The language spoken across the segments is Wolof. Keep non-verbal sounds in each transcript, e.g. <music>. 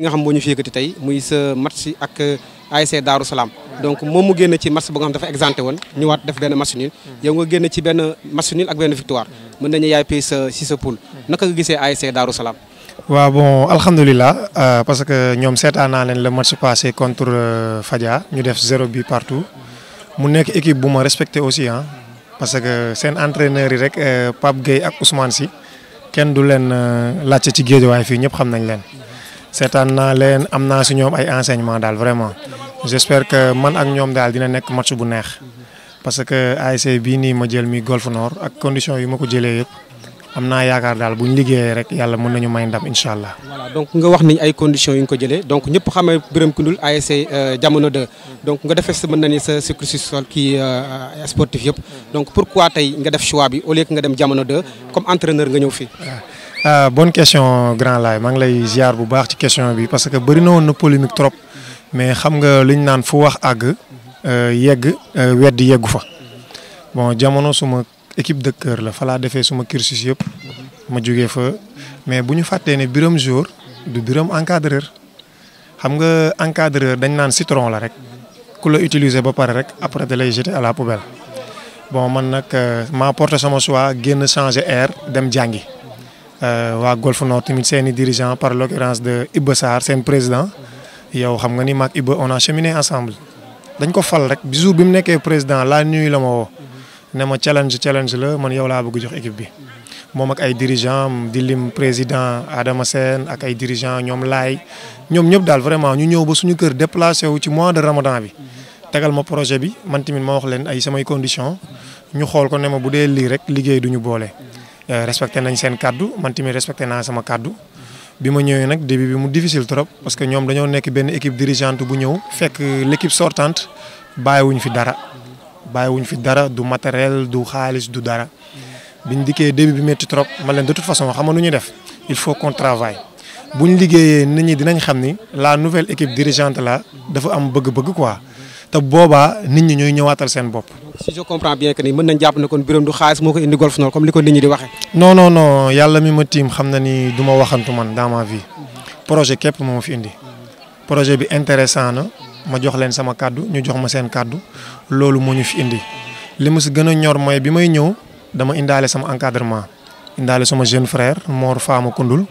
nga xam boñu ñu tay muy ce match ak ASC Darussalam donc momu mu ci match bu nga xam dafa exempté woon ñëwaat def ben match nul yow nga génn ci ben match nul ak ben victoire mën nañu yaay pay sa si sa poule naka nga gisé ASC Darussalam wa bon alhamdoulillah euh, parce que ñom sétana naa le match passé contre euh, Fadia ñu def 0 but partout mu nek équipe bu ma respecté aussi hein parce que sen entraîneur yi rek euh, Pape Gueye ak Ousmane Sy kenn du leen lacc ci géejawaay fi ñep xam nañ leen seetaan naa leen am naa si ñoom ay enseignement daal vraiment j'espère que man ak ñoom daal dina nekk match bu neex parce que ASC bii nii ma jël mi Golf noor ak condition yi ma ko jëlee yëpp am naa yaakaar daal bu ñu rek yàlla mën nañu may ndam incha allah. voilà donc nga wax niñ ay conditions yi nga ko jëlee donc ñëpp xamee Birame Koundoul ASC euh, jamono 2 donc nga defee sa mën na ni sa cursus kii euh, sportif yëpp donc pourquoi tey nga def choix bi au lieu nga dem jamono 2 comme entraîneur nga ñëw fii. Ah. ah bonne question grand laay maa ngi lay ziar bu baax ci question bi parce que bëri na woon na polémique trop mais xam nga liñ naan fu wax àgg euh, yegg euh, weddi yeggu fa bon jamono suma équipe de cœur la fa laa defee suma cursus yëpp ma jógee fa mais bu ñu fàttee ne Birame jour du Birame encadreur xam nga encadreur dañ naan citron la rek ku la utiliser ba pare rek après da lay jeter à la poubelle bon man nag euh, maa porté sama choix génn changer air dem jàngi. Euh, wa Golf Nord tamit seen dirigeant par l'occurrence de Iba Sarr seen président yow xam nga ni mak Iba on a cheminé ensemble dañ ko fal rek bi jour bi mu nekkee président la nuit la ma woo ne ma challenge challenge la man yow laa bëgg jox équipe bi moom ak ay dirigeant di lim président Adama sen ak ay dirigeant ñoom laay ñoom ñëpp daal vraiment ñu ñëw ba suñu kër déplacé wu ci mois de ramadan bi tegal ma projet bi man tamit ma wax leen ay samay conditions ñu xool ko ne ma bu dee lii rek liggéey duñu boole Euh, respecté nañ seen kaddu man tamit respecté naa sama kaddu bi ma ñëwee nag début bi mu difficile trop parce que ñoom dañoo nekk benn équipe dirigeante bu ñëw fekk l'équipe sortante bàyyiwuñ fi dara bàyyiwuñ fi dara du matériel du xaalis du dara biñ dikkee début bi métti trop ma leen de toute façon xam nga nu ñuy def il faut qu'on travaille buñ liggéeyee nit ñi dinañ xam ni la nouvelle équipe dirigeante la dafa am bëgg-bëgg quoi te boobaa nit ñi ñooy ñëwaatal seen bopp. si je comprends mën nañ jàpp ne kon Birame du xaalis moo ko indi Golf Nord li ko nit ñi di waxee. non non non yàlla mi ma tiim xam na ni du ma waxantu man dans ma vie projet képp moo ma fi indi projet bi intéressant na ma jox leen sama kàddu ñu jox ma seen kàddu loolu moo ñu fi indi li ma si gën a ñor mooy bi may ñëw dama indaale sama encadrement indaale sama jeune frère moor Fama Koundoul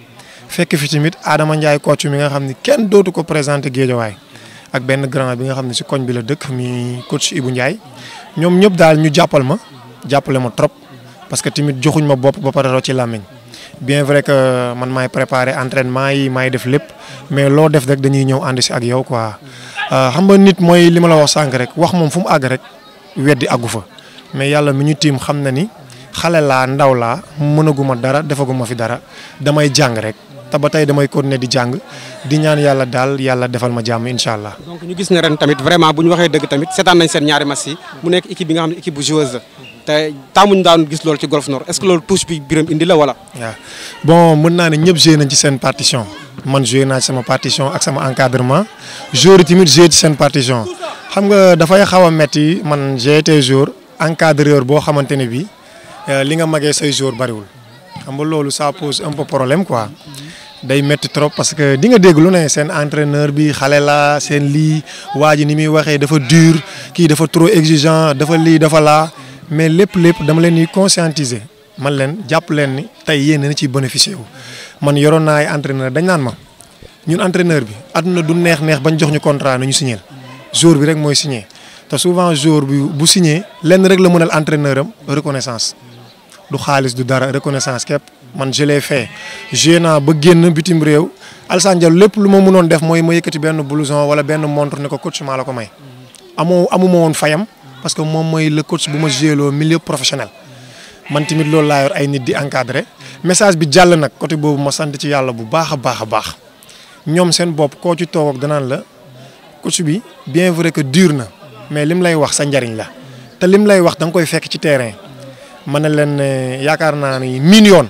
fekk fi tamit Adama Ndiaye coach mi nga xam ni kenn dootu ko présenté Géejawaay ak benn grand bi nga xam ne si koñ bi la dëkk mi coach Ibou Ndiaye ñoom ñëpp daal ñu jàppal ma jàppale ma trop parce que tamit joxuñ ma bopp ba pare ci làmmiñ bien vrai que euh, man maay préparer entraînement yi maay def lépp mais loo def rek dañuy ñëw ànd si ak yow quoi euh, xam nga nit mooy li ma la wax sànq rek wax moom fu mu àgg rek weddi àggu fa mais yàlla mu ñu tiim xam na ni xale laa ndaw laa mënaguma dara defaguma fi dara damay jàng rek. te ba tey damay continuer di jàng di ñaan yàlla daal yàlla defal ma jàmm incha allah. donc ñu gis ne ren tamit vraiment bu ñu waxee dëgg tamit seetaan nañ seen ñaari match yi mu nekk équipe bi nga xam ne équipe bu joueuse la te taamuñu daan gis loolu ci Golf Nord est-ce que loolu touche bi la bon mën naa ne ñëpp joué nañ ci seen partition man joué naa sama partition ak sama encadrement joueur yi tamit joué seen partition xam nga dafay xaw a metti man j'ai été joueur encadreur boo xamante ne bii euh, li nga magee say joueur bariwul xam nga loolu ça pose un peu problème quoi. day metti trop parce que di nga dégg lu ne seen entraîneur bi la ni dafa dur kii dafa trop exigeant dafa lii dafa mais lépp lépp dama conscientiser man leen jàpp leen ni na entraîneur dañ naan ma ñun entraîneur bi contrat. du neex neex bañ jox ñu contrat jour bi rek souvent jour bi bu rek la mënal entraîneur reconnaissance du du dara reconnaissance képp. man je l'ai fait joué naa ba génn bitim réew Alassane Diallo lépp lu ma mënoon def mooy ma yëkkati benn blouson wala benn montre ne ko coach maa la ko may. amoo amuma woon fayam parce que moom mooy le coach bu ma joué loo milieu professionnel man tamit loolu laa ay nit di encadré message bi jàll nag côté boobu ma sant ci yàlla bu baax a baax a baax ñoom seen bopp koo ci toog danaan la coach bi bien vrai que dur na mais lim lay wax sa njariñ la te lim lay wax da nga koy fekk ci terrain. ma ne leen yaakaar naa ni million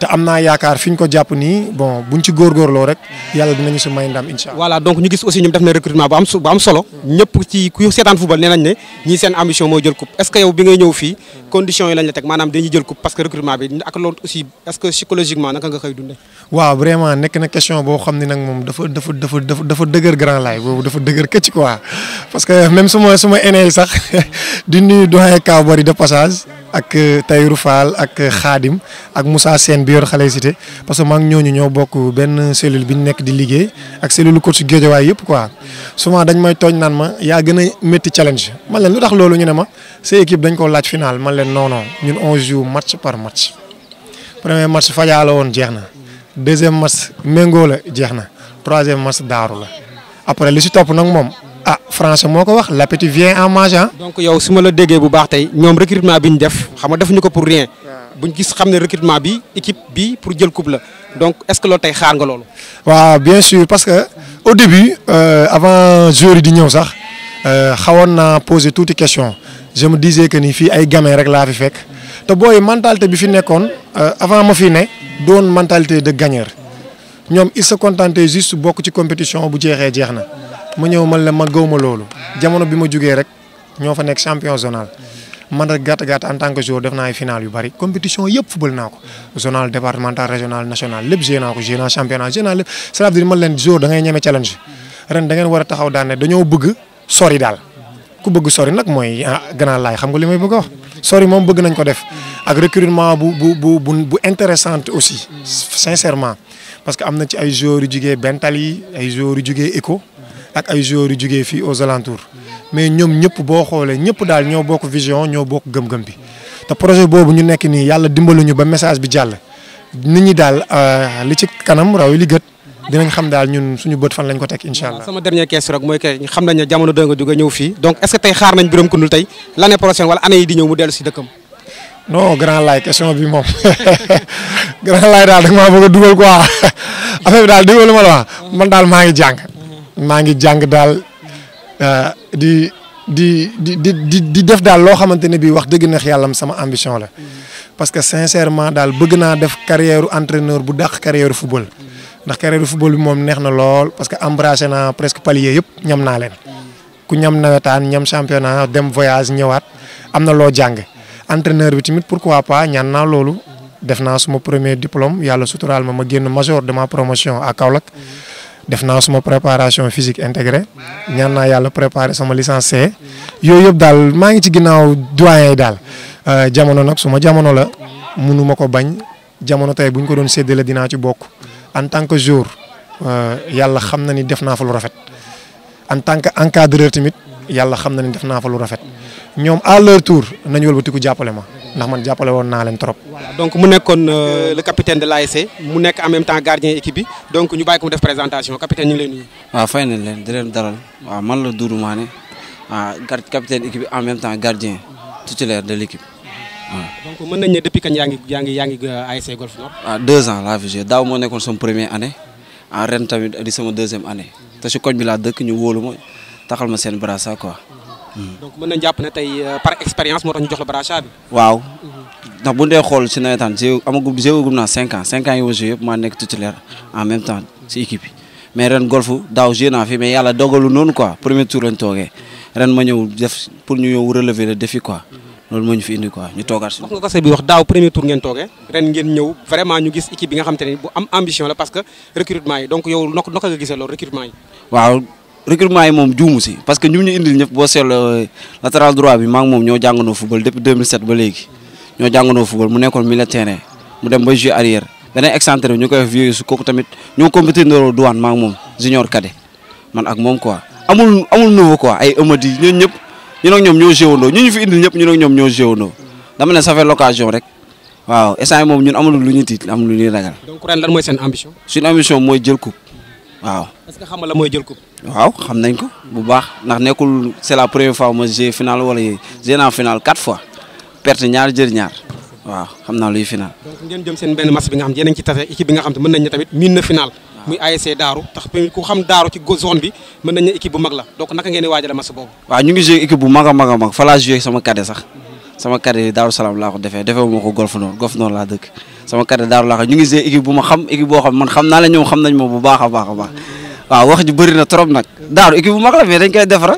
te am naa yaakaar fi ñu ko jàpp nii bon buñ ci góorgóorloo rek yàlla dinañu si may ndam incha allah. voilà donc ñu gis aussi ñoom def na recrutement bu am solo. ñëpp ci ku yow bi ngay ñëw fii conditions yi lañ la teg maanaam dañuy jël coupe parce que recrutement bi ak loolu aussi est-ce que psychologiquement naka nga koy dundee. waaw vraiment nekk na question boo xam ne nag moom dafa dafa dafa dafa dëgër grand laay boobu dafa dëgër këcc quoi parce que <laughs> ak euh, Tayru Fall ak Xaadim euh, ak musaa seen bi yor xale cité parce que maa ngi ñooñu ñoo bokk benn cellule bi ñu nekk di liggéey ak cellule coach Guédiawaay yëpp quoi souvent dañ may tooñ naan ma yaa gën a métti challenge man leen lu tax loolu ñu ne ma sa équipe dañ ko laaj final man leen non non ñun on joue match par match premier match Fajaa woon jeex na deuxième match Mengo la jeex na troisième match Daaru la après li si topp nag moom ah français moko wax l'appétit vient en mangeant. donc yow suma ma la déggee bu baax tey ñoom recrutement biñ def xama nga defuñu ko pour rien. buñ gis xamné recrutement bi équipe bi pour jël coupe la donc est-ce que lo tay xaar nga waaw bien sûr parce que au début euh, avant joueur yi di ñew sax euh, xawoon naa poser tuuti question je me disais que ni fi ay gamins rek la fi fekk te boy mentalité bi fi nekkoon euh, avant ma fi ne don mentalité de gagnant ñom il se contentaient juste bokk ci compétition bu jéxé jéxna ma ñëw man la ma gaw ma loolu jamono bi ma jugee rek ñoo fa nekk champion zonal man rek gàtt gàtt en tant que joueur def naa ay final yu bëri compétition yëpp football naa ko zonal départemental régional national lépp joué naa ko joué naa ñeme challenge ren da war a taxaw daan dañoo bëgg sori daal ku bëgg sori nag mooy ah, gannaaw laay xam nga li may bëgg a sori moom bëgg nañ ko def ak recrutement bu bu aussi sincèrement parce que ak ay joueurs yu jugee fii aux alentours mais ñoom ñëpp boo xoolee ñëpp daal ñoo bokk vision ñoo bokk gëm-gëm bi te projet boobu ñu nekk nii yàlla dimbaluñu ba message bi jàll nit ñi daal euh, li ci kanam raw li gët dinañ xam daal ñun suñu bët fan lañ ko teg incha allah. sama dernière question rek mooy que xam nañ ne jamono doo nga jóge ñëw fii donc est ce que tey xaar nañ Birame Koundoul tey l' année prochaine wala année di ñëw mu dellu dëkkam. non grand <laughs> da <laughs> man daal maa ngi jàng. mangi jang dal daal euh, di di di di di def dal lo xamanteni bi wax deug neex yalla sama ambition la parce que sincèrement dal bëgg na def carrière entraîneur bu dakh carrière football ndax carrière football bi mom neex na lool parce que embrasser na presque palier yep ñam na len ku ñam nawetaan ñam championnat dem voyage ñëwaat am na jang entraîneur bi timit pourquoi pas ñaan na loolu def na suma premier diplôme yalla sutural ma ma genn major de ma promotion à Kaolack def naa suma préparation physique intégrée ñaan naa yàlla préparer sama licence yooyu yëpp daal maa ngi ci ginnaaw doyen yi daal euh, jamono nag suma jamono la mënuma ko bañ jamono tey buñ ko doon séddale dinaa ci bokk en tant que jour euh, yàlla xam na ni def naa fa lu rafet en tant que encadreur tamit yàlla xam na ni def naa fa lu rafet ñoom à leur tour nañu wëlbatiku jàppale ma. Je suis donc euh, le capitaine de l'ASC en même temps gardien équipe l'équipe. donc nous allons ko mu présentation capitaine ñu lay je fay le capitaine. di en même temps gardien titulaire de l'équipe. donc depuis que je suis à Golf deux ans je suis première année En ah, ren deuxième année je suis koñ bi quoi. donc mën nañ jàpp ne tey euh, par expérience moo tax ñu jox la brassard bi. waaw mhm. ndax bu ñu xool si nawetaan jéego amagum ma nekk titulaire en ren golf daaw joué naa fi mais yàlla dogalu noonu quoi premier tour lañ toogee ren ma ñëw def pour ñu ñëw relever le défi quoi. loolu moo ñu fi indi quoi ñu toogaat suñu. wax nga ko bi wax daaw premier tour ngeen toogee ren ngeen ñëw vraiment ñu gis équipe bi nga xam te ne bu am ambition la parce que recrutement yi donc yow naka nga gisee loolu recrutement yi moom juumu si parce que ñu ñu indil ñëpp boo seetloo euh, latéral droit bi maa ngi moom ñoo jàngandoo football depuis 2007 ba léegi ñoo jàngandoo football mu nekkoon milieu terrain mu dem ba jeu arrière beneen excentré ñu koy wax vieux su kooku tamit ñoo compété ndoroo douane maa ngi moom junior cadet man ak moom quoi amul amul nouveau quoi ay Amady ñooñu ñëpp ñu nag ñoom ñoo géewandoo ñu ñu fi indil ñëpp ñu nag ñoom ñoo géewandoo dama ne ça fait l'occasion rek waaw instant moom ñun amul lu ñu tiit amul lu ñuy ragal. donc ren lan mooy seen ambition. suñu ambition mooy jël coupe waaw. est que xam nga la mooy jël coupe. waaw xam nañ ko bu baax ndax nekkul c'est la première fois ma joué final wala joué naa final quatre fois perte ñaar jël ñaar waaw xam naa luy final. donc ngeen jëm bi nga xam ne a ne mën nañ ne tamit miin na final. muy ASC Daaru tax ku xam Daaru ci zone bi mën nañ ne équipe bu mag la donc naka ngeen di a match boobu. waaw ñu ngi joué équipe bu mag a mag a mag fa laa joué sama cadet sax. sama carrière Daaru Salaam laa ko defee defee bu ma xam équipe boo xam man xam naa la ñoom xam nañ ma bu baax a baax a baax waaw wax ji bëri trop nag Daaru équipe bu mag la mais dañ koy defara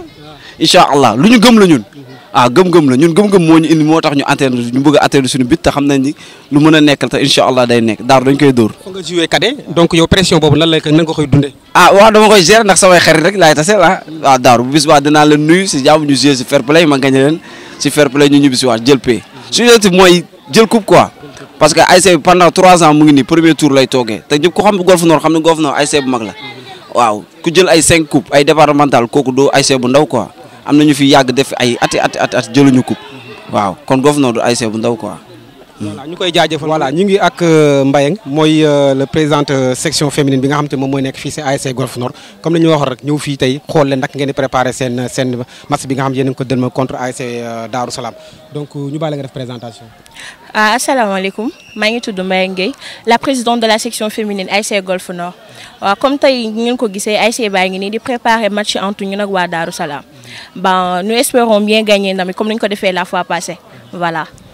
incha allah lu ñu gëm la ñun ah gëm-gëm la moo ñu indi moo tax ñu atteindre ñu bëgg a atteindre suñu bit te xam nañ ni lu mën a nekk te incha allah day nekk Daaru dañ koy dóor donc yow pression boobu lan la nan nga koy dundee ah waaw dama koy gérer ndax samay xarit rek laay tase ah. si fair play ñu ñibbisi waat jël paie. suñu objectif mooy jël coupe quoi. parce que ASC pendant trois ans mu ngi nii premier tour lay toogee te ñëpp ku xam Golf Nord xam ne Golf Nord ASC bu mag la. waaw ku jël ay cinq coupes ay départemental kooku doo ASC bu ndaw quoi am na ñu fi yàgg def ay ati ati ati ñu coupe waaw kon Golf Nord du ASC bu ndaw quoi. voilà ñu koy jaajëfal voilà euh, euh, président de ak présidente section féminine bi nga xam te moom Golf Nord comme nous avons nous rek ñëw fii tey préparé match bi nga xam contre ASC euh, Daaru Salam. donc ñu faire la nga def présentation ah asalaamaaleykum maa ngi tudd la présidente de la section féminine ASC Golf Nord comme vous l'avez ko gisee ASC baa ngi di match entre ñun bon nous espérons bien gagner comme nous l'avons fait la fois passée voilà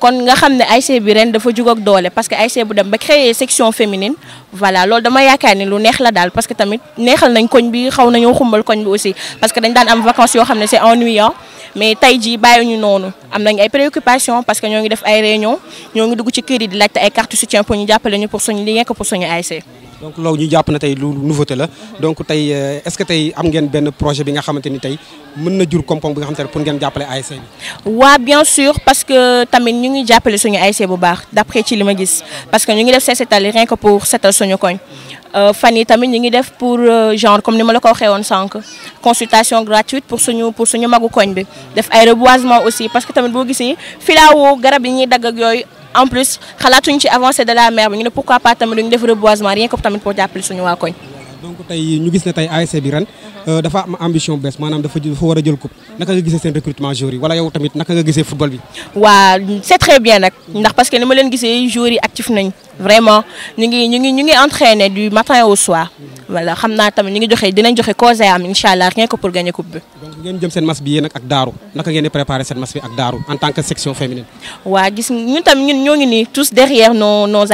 kon nga xam ne ASC bi ren dafa jug ak doole parce que ASC bu dem ba créer section féminine voilà loolu dama yaakaar ni lu neex la daal parce que tamit neexal nañ koñ bi xaw nañoo xumbal koñ bi aussi parce que dañ daan am vacances yoo xam ne c'est ennuyant mais tey jii bàyyiwuñu noonu am nañ ay préoccupations parce que ñoo ngi def ay réunions ñoo ngi dugg ci kër yi di laajte ay carte soutien pour ñu jàppale ñu pour suñu li nekk pour suñu ASC donc nous avons une donc euh, est-ce que vous avez un projet bi vous pour bien sûr parce que nous avons ngi d'après ce que parce que nous avons fait rien que pour cette koñ avons euh, fait ñu ngi pour euh, genre comme nous. la consultation gratuite pour pour reboisement aussi parce que nous avons fait des garab en plus xalaatuñ ci avancer de la mer bi ñu pourquoi pas tamit ñu def reboisement rien que tamit pour jàppale suñu wa koñ. donc tay ñu gis ne tay ASC bi euh dafa am ambition bees manam dafa dafa wara jël coupe naka nga gisee sen recrutement joueurs yi wala yow tamit naka nga gisee football bi. wa c'est très bien nak ndax parce que ni ma leen gisee joueurs yi actif nañ vraiment nous ngi ñi du matin au soir. voilà xamna tam ñi ngi dinañ cause am inshallah rien que pour gagner coupe donc jëm match match bi ak en tant que section féminine. nous ñun tous derrière nos nos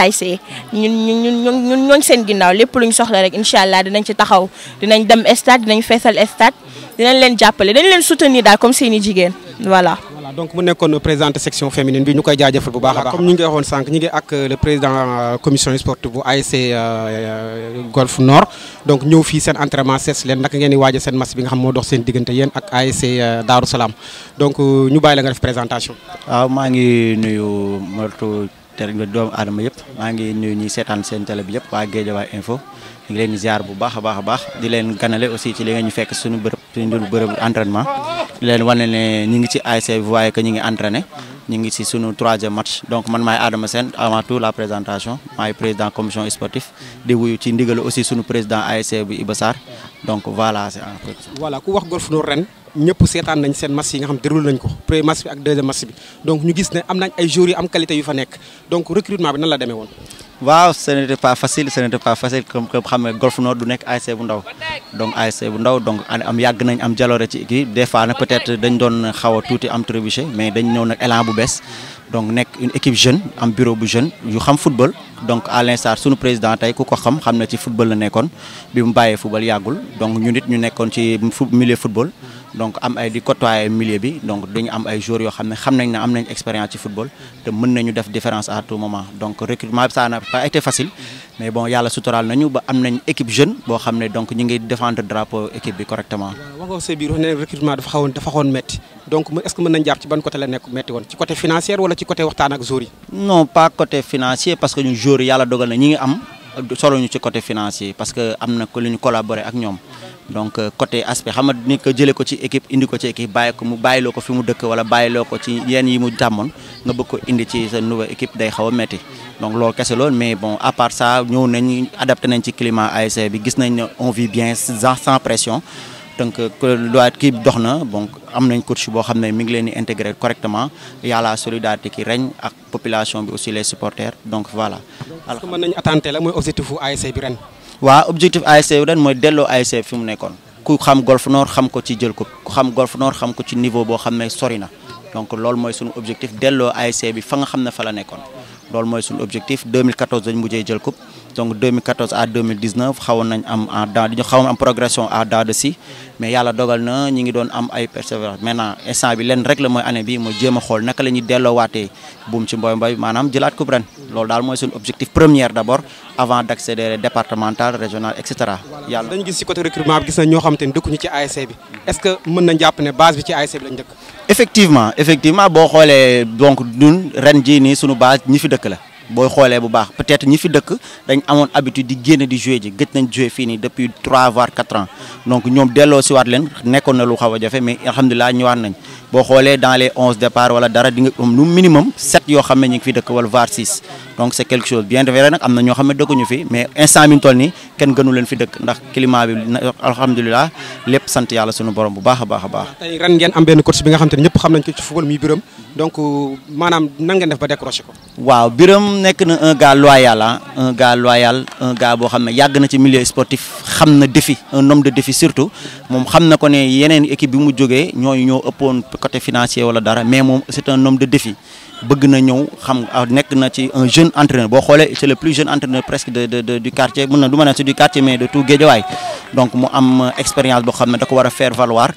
Nous ñun ñun ñun nous nous nous soxla rek dinañ ci taxaw dinañ dem Nous dinañ stade dinañ nous nous soutenir comme nous voilà. voilà donc mu nekkoon présidente section féminine bi ñu koy jaajëfal bu baax a baax. comme ñu ngi waxoon sànq ñu ngi ak le président euh, commission sport bu ASC euh, euh, Golf Nord. donc ñëw fii seen entraînement sees leen naka ngeen di waaj seen match bi nga xam moo dox seen diggante yéen ak ASC Daaru Salaam donc ñu bàyyi la nga def présentation. waaw maa ngi nuyu martu ter doomu adama yëpp maa ngi nuyu ñi seetaan seen télé bi yëpp waa Guédiawaye info. ñu ngi leen di ziar bu baax a baax a baax di leen ganale aussi ci li ñu fekk suñu bërëb suñu di leen wane ne ngi ci ASC vous voyez que ñu ngi entraîné ñu ngi ci suñu troisième match donc man maay Adama Sène avant tout la présentation maay président commission sportive di wuyu ci ndigal aussi suñu président ASC bu Iba Sarr donc voilà c'est en voilà ku wax Golf Nord ren. ñëpp sétan nañ seen match yi nga xam déroul nañ ko premier match bi ak deuxième match bi donc ñu gis ne am nañ ay joueurs yu am qualité yu fa nekk donc recrutement bi nan la demee woon. waaw ce n'était pas facile ce n'était pas facile comme que xam nga Golf Nord du nekk ASC bu ndaw donc ASC bu ndaw donc am yàgg nañ am jaloore ci kii des fois nag peut-être dañ doon xaw a tuuti am trébuché mais dañ ñëw nag élan bu bees donc nekk une équipe jeune am bureau bu jeune yu xam football donc à l'instar suñu président tey ku ko xam xam na ci football la nekkoon bi mu bàyyee football yàggul donc ñu nit ñu nekkoon ci milieu football donc am ay di côtoyer milieu bi donc dañu am ay joueurs yo xamné xamnañ na am nañ expérience ci football té mën nañu def différence à tout moment donc recrutement bi ça n'a pas été facile mais bon yalla suturaal nañu ba am nañ équipe jeune bo xamné donc ñi ngi défendre drapeau équipe bi correctement. waaw wax nga biir wax ne recrutement dafa xawoon dafa xawoon metti donc est-ce que mën nañ jàpp ci ban côté la nekk metti won ci côté financier wala ci côté waxtan ak joueurs yi. non pas côté financier parce que ñu joueurs yalla dogal na ñi ngi am soluñu ci côté financier parce que amna na ko collaborer ak ñoom donc euh, côté aspect xam ni que j'ai ko ci équipe indi ko ci équipe bail ko mu bàyyiloo ko de mu dëkk wala bàyyiloo ko ci yenn yi mu tàmmoon nga bëgg indi ci sa nouvelle équipe day xaw a donc loolu kese loolu mais bon à part ça ñëw nañ adapté nañ ci climat ASC e bi gis nañ ne on vit bien sans pression donc euh, que l'équipe dox donc am nañ coach boo xam ne mi ngi intégrer correctement y a la solidarité qui règne ak population bi aussi les supporters donc voilà parce mën nañu attente la mooy objectif fu ASC e bi ren. waaw objectif ASC e bi ren mooy delloo ASC e bi fi mu nekkoon. ku xam Golf Nord xam ko ci jël ko ku xam Golf Nord xam ko ci niveau boo xam ne sori na donc loolu mooy suñu objectif delloo ASC bi fa nga xam ne fa la nekkoon loolu mooy suñu objectif 2014 dañ mujjee jël ko. donc 2014 à 2019 xawon nañ am en dents di ñu am progression à date de mais yalla dogal na ñi ngi doon am ay persévérance maintenant instant bi leen rek la mooy année bi mo jéem xol naka lañu délo waté buum ci mboy mboy manam jilat coupe ren lool dal moy sun objectif première d'abord avant d'accéder départemental régional etc yalla dañu gis ci côté recrutement gis na ñoo xam te ne dëkkuñu ci ASC bi est ce que mën nañ japp né base bi ci ASC bi lañ effectivement effectivement bo xolé donc ñun ren ji ni sunu base ñi fi dekk la booy xolé bu baax peut-être ñi fi dëkk dañ amone habitude di génn di jouer ji gëj nañ jouer fini depuis 3 voire 4 ans donc ñom délo ci wat leen nekkon na lu xawa jafé mais mais ñu ñëwaat nañ bo xolé dans les 11 départ wala dara di nga am lu minimum 7 yo xamné ñi fi dëkk wala voire 6 donc c'est quelque chose bien vrai nak amna ño xamné xam ñu fi mais instant mi ñu toll nii kenn gënu leen fi dëkk ndax climat bi alhamdulilah lépp sante yalla suñu borom bu baaxa baaxa baax a ran ngeen am benn coach bi nga xamné ñepp ne xam nañ ko ci football mi Birame donc maanaam nan ngeen def ba décroché ko. waaw Birame nekk na un gars loyal ah un gars boo xam ne yàgg na ci milieu sportif xam na défi un homme de défi surtout moom xam na ko ne yeneen équipe bi mu jógee ñooñu ñoo ëppoon côté financier wala dara mais moom c'est un nom de défi. bëgg na ñëw xam ah, nekk na ci un jeune entraîneur boo xoolee c'est le plus jeune entraîneur presque de de de du quartier mën na du ma ne c'est du quartier mais de tout Guédiawaye donc mu euh, boo xam ne da ko war a faire valoir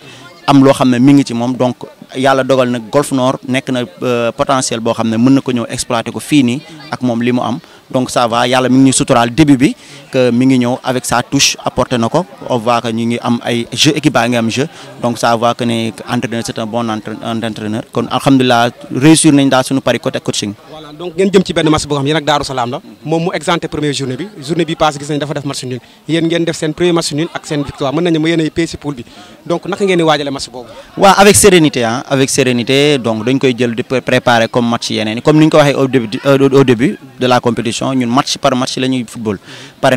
am xam ne mi ngi ci moom donc yàlla dogal nag Golf noor nekk na euh, potentiel boo xam ne mën na ko ñëw exploiter ko fii nii ak moom li mu am donc ça va yàlla mi ngi ñuy suturaal début bi que mi avec sa touche apporté na on voit que ñu ngi am ay jeu équipe am jeu donc ça voit que ne entraîneur c'est un bon entraîneur kon alhamdullah réussir nañ daal suñu pari côté coaching. voilà donc ngeen jëm ci benn match bu xam yéen ak daru salam la mom mu exempté première journée bi journée bi passe, gis nañ dafa def match nul yéen ngeen def sen premier match nul ak sen victoire meun nañ ma yéen ay pay si bi donc nak ngeen di waajalee match bobu wa avec sérénité hein avec sérénité donc dañ koy jël di préparer comme match yeneen comme ñu ko waxé au début au début de la compétition ñun match par match la ñuy football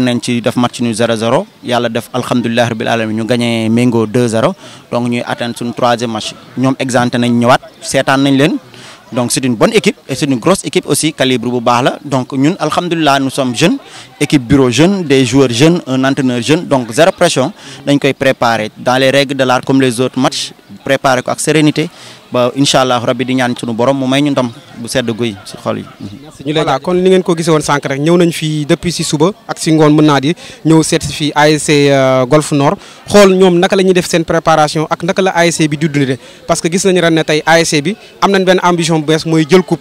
nañ ci def match nu 0-0 yalla def alhamdulilah rabil alamin ñu gagné Mengo 2-0 donc ñuy sun 3 troisième match ñom exempté nañ ñëwaat seetaan nañ leen donc c'est une bonne équipe et c'est une grosse équipe aussi calibre bu baax la donc ñun alhamdulilah nous sommes jeunes équipe bureau jeune des joueurs jeunes un entraîneur jeune donc zéro pression dañ koy préparer dans les règles de l'art comme les autres matchs préparé ko ak sérénité ba incha allah rabbi di ñaan sunu borom mu may ñu ndam bu sedd guy si xol yi. ñu voilà kon ni ngeen ko gisee woon sànq rek ñëw nañ fii depuis si suba ak si ngoon mën naa di ñëw seet si fii ASC euh, Golf Nord xool ñoom naka la ñuy def seen préparation ak naka la ASC bi di de parce que gis nañu ren ne tey ASC bi am nañ benn ambition bu bees mooy jël coupe.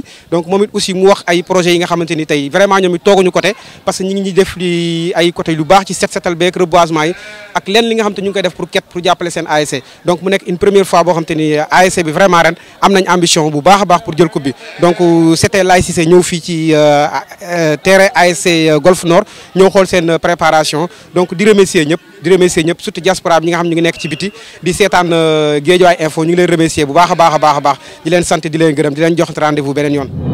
donc moi aussi mu wax ay projets yi nga xamanteni ni tey vraiment ñoom togu ñu côté parce que ñi ngi def li ay côté lu baax ci set setal beeg reboisement yi ak lenn li nga xamanteni ñu ngi koy def pour ket pour jappalé sen ASC donc mu nek une première fois bo xamanteni ASC bi vraiment ren am nañ ambition bu baax baax pour jël coupe bi donc c'était Laye Cissé ñëw fii ci euh, euh, terrain ASC euh, Golf Nord ñeu xol sen préparation donc di remercier ñëpp di remercier ñëpp surtout diaspora bi ñi nga xam ñu ngi nekk ci biti di seetaan euh, Guédiawaye info ñu ngi leen remercier bu baax a baax a baax di leen sant di leen gërëm di leen jox rendez-vous beneen yoon